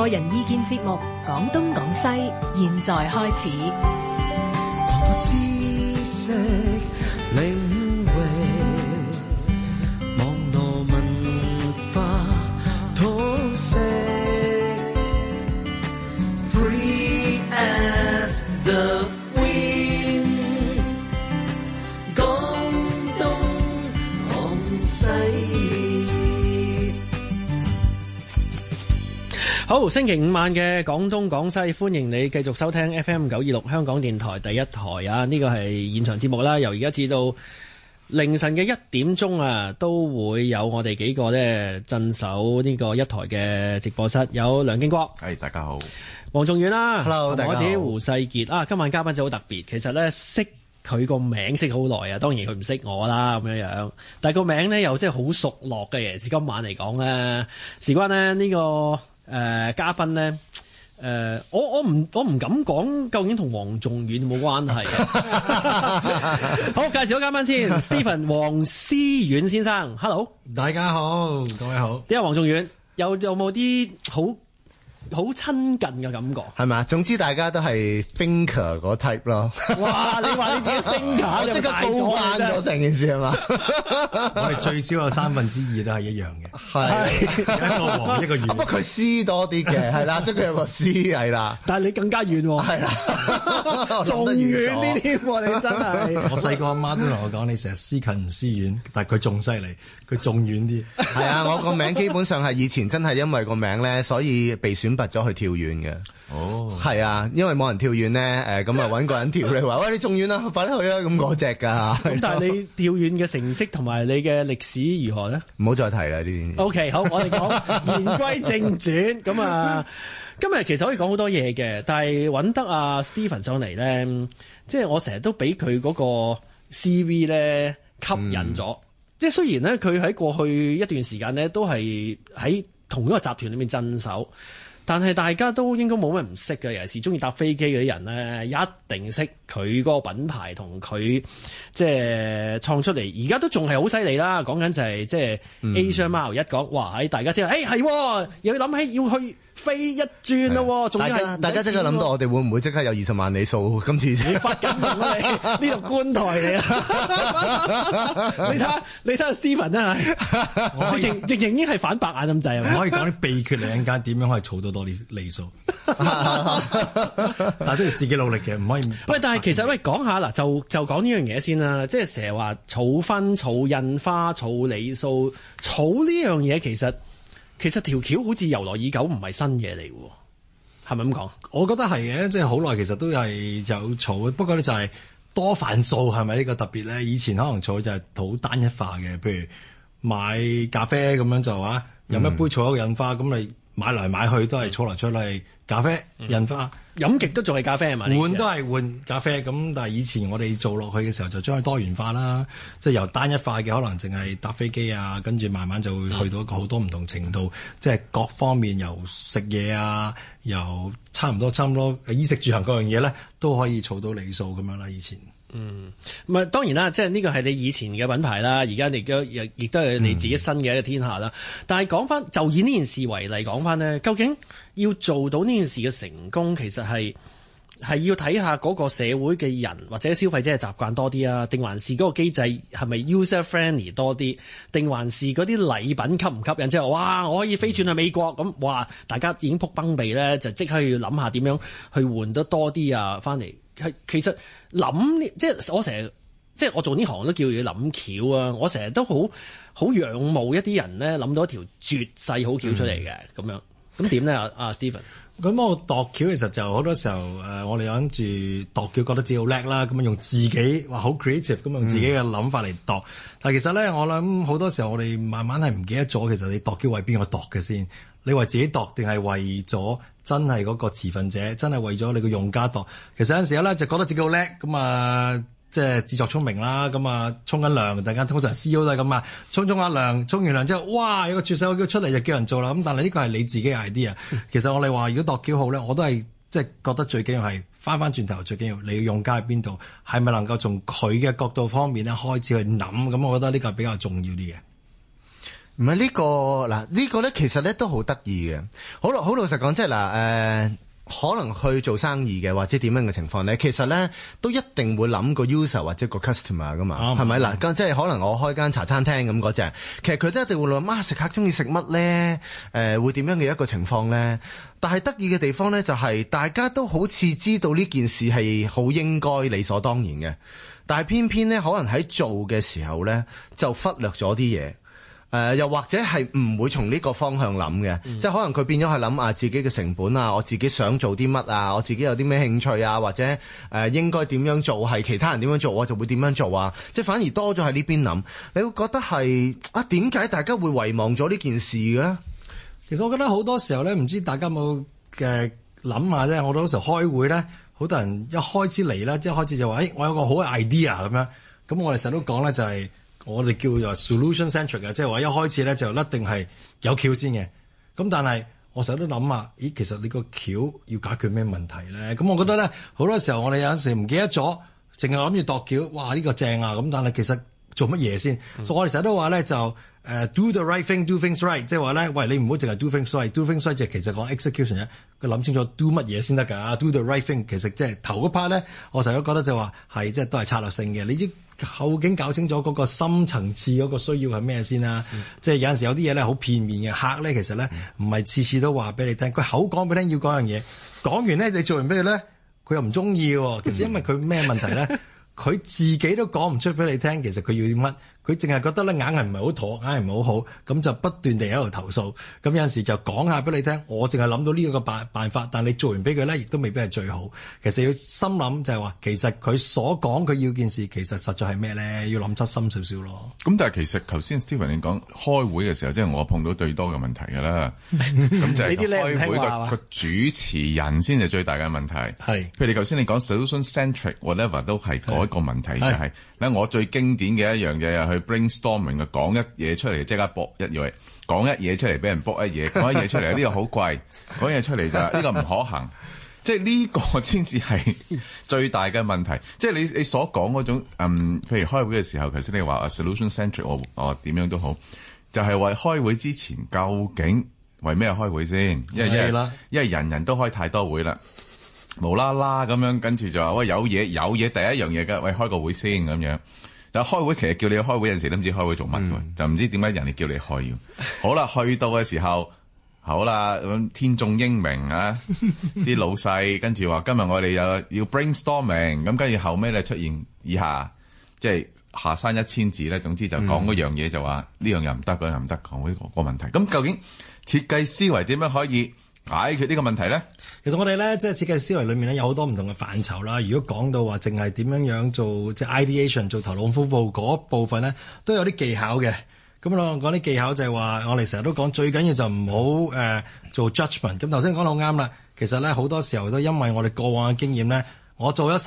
個人意見節目《講東講西》，現在開始。 好，星期五晚嘅廣東廣西歡迎你繼續收聽 FM 九二六香港電台第一台啊！呢、這個係現場節目啦、啊，由而家至到凌晨嘅一點鐘啊，都會有我哋幾個呢鎮守呢個一台嘅直播室。有梁敬國，係、哎、大家好，黃仲遠啦，Hello，同埋我自己胡世傑啊。今晚嘉賓就好特別，其實呢，識佢個名識好耐啊，當然佢唔識我啦咁樣樣，但係個名呢又真係好熟絡嘅嘢。其實今晚嚟講呢，事關呢呢、這個。誒、呃、嘉賓咧，誒、呃、我我唔我唔敢講究竟同黃仲遠冇關係 好，介紹咗嘉賓先 ，Stephen 黃思遠先生，hello，大家好，各位好，點啊？黃仲遠有有冇啲好？好親近嘅感覺，係咪啊？總之大家都係 finger 嗰 type 咯。哇！你話你自己 finger， 你壞咗成件事係嘛？ 我哋最少有三分之二都係一樣嘅，係的 一個黃一個圓。不過佢思多啲嘅，係啦，即係佢有個思係啦。但係你更加遠喎、哦，係啦 了，仲遠啲添，你真係的。我細個阿媽都同我講，你成日思近唔思遠，但係佢仲犀利，佢仲遠啲。係啊， 我個名基本上係以前真係因為個名咧，所以被選。拔咗去跳遠嘅，哦，係啊，因為冇人跳遠咧，誒、呃，咁啊，揾個人跳你話， 喂，你仲遠啦，快啲去啊，咁嗰隻噶，咁但係你跳遠嘅成績同埋你嘅歷史如何咧？唔好再提啦呢啲。O、okay, K，好， 我哋講言歸正傳，咁 啊，今日其實可以講好多嘢嘅，但係揾得阿、啊、Steven 上嚟咧，即係我成日都俾佢嗰個 C V 咧吸引咗，即係、嗯、雖然咧佢喺過去一段時間咧都係喺同一個集團裏面鎮守。但係大家都應該冇乜唔識嘅，尤其是鍾意搭飛機嘅人咧，一定識。佢嗰個品牌同佢即係創出嚟，而家都仲係好犀利啦！講緊就係即係 Asia Miles 一講，哇！喺大家知即係，哎又要諗起要去飛一轉咯，仲的要係大家即刻諗到我哋會唔會即刻有二十萬里數？今次 你發緊呢度 觀台嚟啊！你睇下，你睇下 Stephen 啊，直情直情已經係反白眼咁滯，唔可以講啲秘訣陣間點樣可以儲到多啲里數， 但都要自己努力嘅，唔可以。唔但係。其實喂，講下啦，就就講呢樣嘢先啦，即係成日話儲分、儲印花、儲里數，儲呢樣嘢其實其實條橋好似由來已久來，唔係新嘢嚟喎，係咪咁講？我覺得係嘅，即係好耐，其實都係有儲。不過咧就係多範數係咪呢個特別咧？以前可能儲就係好單一化嘅，譬如買咖啡咁樣就話，飲一杯儲一個印花咁嚟。嗯買來買去都係儲來出嚟，咖啡、印花、飲極、嗯、都仲係咖啡係咪？換都係換咖啡，咁但係以前我哋做落去嘅時候就將佢多元化啦，即、就、係、是、由單一化嘅可能淨係搭飛機啊，跟住慢慢就會去到一個好多唔同程度，嗯、即係各方面由食嘢啊，由差唔多差唔多衣食住行各樣嘢咧都可以儲到里數咁樣啦，以前。嗯，唔係當然啦，即係呢個係你以前嘅品牌啦，而家你亦都係你自己新嘅一個天下啦。嗯、但係講翻就以呢件事為例講翻呢，究竟要做到呢件事嘅成功，其實係係要睇下嗰個社會嘅人或者消費者嘅習慣多啲啊，定還是嗰個機制係咪 user friendly 多啲，定還是嗰啲禮品吸唔吸引，即係哇，我可以飛轉去美國咁話，大家已經撲崩鼻呢，就即刻要諗下點樣去換得多啲啊，翻嚟。係，其實諗即係我成日即係我做呢行都叫要諗橋啊！我成日都好好仰慕一啲人咧，諗到一條絕世好橋出嚟嘅咁樣。咁點咧？阿 Steven，咁我度橋其實就好多時候，誒、呃，我哋諗住度橋覺得自己好叻啦，咁啊用自己話好 creative，咁用自己嘅諗法嚟度。嗯、但係其實咧，我諗好多時候，我哋慢慢係唔記得咗，其實你度橋為邊個度嘅先？你為自己度定係為咗真係嗰個持份者？真係為咗你個用家度？其實有陣時候咧，就覺得自己好叻咁啊～、嗯呃即係自作聰明啦，咁啊，沖緊涼，大家通常 C U 都係咁啊，沖沖下涼，沖完涼之後，哇，有個絕手叫出嚟就叫人做啦。咁但係呢個係你自己 idea。其實我哋話如果度橋好咧，我都係即係覺得最緊要係翻翻轉頭，最緊要你要用家喺邊度，係咪能夠從佢嘅角度方面咧開始去諗？咁我覺得呢個係比較重要啲嘅。唔係、這個這個、呢個嗱，呢個咧其實咧都好得意嘅。好咯，好老實講，即係嗱，誒、呃。可能去做生意嘅或者點樣嘅情況咧，其實咧都一定會諗個 user 或者個 customer 噶嘛，係咪嗱？吧即係可能我開間茶餐廳咁嗰隻，其實佢都一定會諗，嘛食客中意食乜咧？誒、呃，會點樣嘅一個情況咧？但係得意嘅地方咧，就係、是、大家都好似知道呢件事係好應該理所當然嘅，但係偏偏咧可能喺做嘅時候咧就忽略咗啲嘢。誒、呃，又或者係唔會從呢個方向諗嘅，嗯、即係可能佢變咗係諗下自己嘅成本啊，我自己想做啲乜啊，我自己有啲咩興趣啊，或者誒、呃、應該點樣做，係其他人點樣做，我就會點樣做啊，即係反而多咗喺呢邊諗，你會覺得係啊，點解大家會遺忘咗呢件事嘅？其實我覺得好多時候咧，唔知大家有冇嘅諗下咧，我嗰時候開會咧，好多人一開始嚟啦，一開始就話誒、哎、我有個好嘅 idea 咁樣，咁我哋成日都講咧就係、是。我哋叫做 solution centric 嘅，即係話一開始咧就一定係有橋先嘅。咁但係我成日都諗啊，咦？其實你個橋要解決咩問題咧？咁、嗯、我覺得咧好多時候我哋有陣時唔記得咗，淨係諗住度橋。哇！呢個正啊！咁但係其實做乜嘢先？嗯、所以我哋成日都話咧就誒 do the right thing，do things right，即係話咧，喂，你唔好淨係 do things right，do things right 即係其實講 execution 嘅。佢諗清楚 do 乜嘢先得㗎？do the right thing 其實即係頭嗰 part 咧，我成日都覺得就話、係、係即係都係策略性嘅。你究竟搞清楚嗰個深層次嗰個需要係咩先啦？嗯、即係有陣時有啲嘢咧好片面嘅客咧，其實咧唔係次次都話俾你聽，佢口講俾你聽要講樣嘢，講完咧你做完俾佢咧，佢又唔中意嘅喎。其實因為佢咩問題咧？佢 自己都講唔出俾你聽，其實佢要啲乜？佢淨係覺得咧，硬係唔係好妥，硬係唔係好好，咁就不斷地喺度投訴。咁有陣時就講下俾你聽，我淨係諗到呢一個辦辦法，但你做完俾佢咧，亦都未必係最好。其實要心諗就係話，其實佢所講佢要件事，其實實在係咩咧？要諗出深少少咯。咁但係其實頭先 Steven 你講開會嘅時候， 即係我碰到最多嘅問題㗎啦。咁就係呢啲開會個個主持人先係最大嘅問題。係是。譬如你頭先你講 s o c i a l centric whatever 都係嗰一個問題，就係我最經典嘅一樣嘢又 Brainstorming 嘅講一嘢出嚟，即刻博一嘢；講一嘢出嚟，俾人博一嘢；講一嘢出嚟，呢個好貴。講嘢出嚟就係呢個唔可行，即係呢個先至係最大嘅問題。即係你你所講嗰種嗯，譬如開會嘅時候，頭先你話 solution centric，我我點樣都好，就係為開會之前究竟為咩開會先？因為因因為人人都開太多會啦，無啦啦咁樣跟住就話喂，有嘢有嘢，第一樣嘢嘅喂開個會先咁樣。開會其實叫你去開會，有時都唔知開會做乜嘅，嗯、就唔知點解人哋叫你開。好啦，去到嘅時候，好啦，天縱英明啊，啲 老細，跟住話今日我哋又要 brainstorming，咁跟住後尾咧出現以下，即係下山一千字咧，總之就講嗰樣嘢就話呢、嗯、樣又唔得，嗰樣唔得，講呢個個問題。咁究竟設計思維點樣可以？解決呢個問題咧，其實我哋咧即係設計思維裏面咧有好多唔同嘅範疇啦。如果講到話淨係點樣樣做即係 ideation 做頭腦風暴嗰部分咧，都有啲技巧嘅。咁我講啲技巧就係話，我哋成日都講最緊要就唔好誒做 judgment。咁頭、嗯、先講到啱啦。其實咧好多時候都因為我哋過往嘅經驗咧，我做咗十。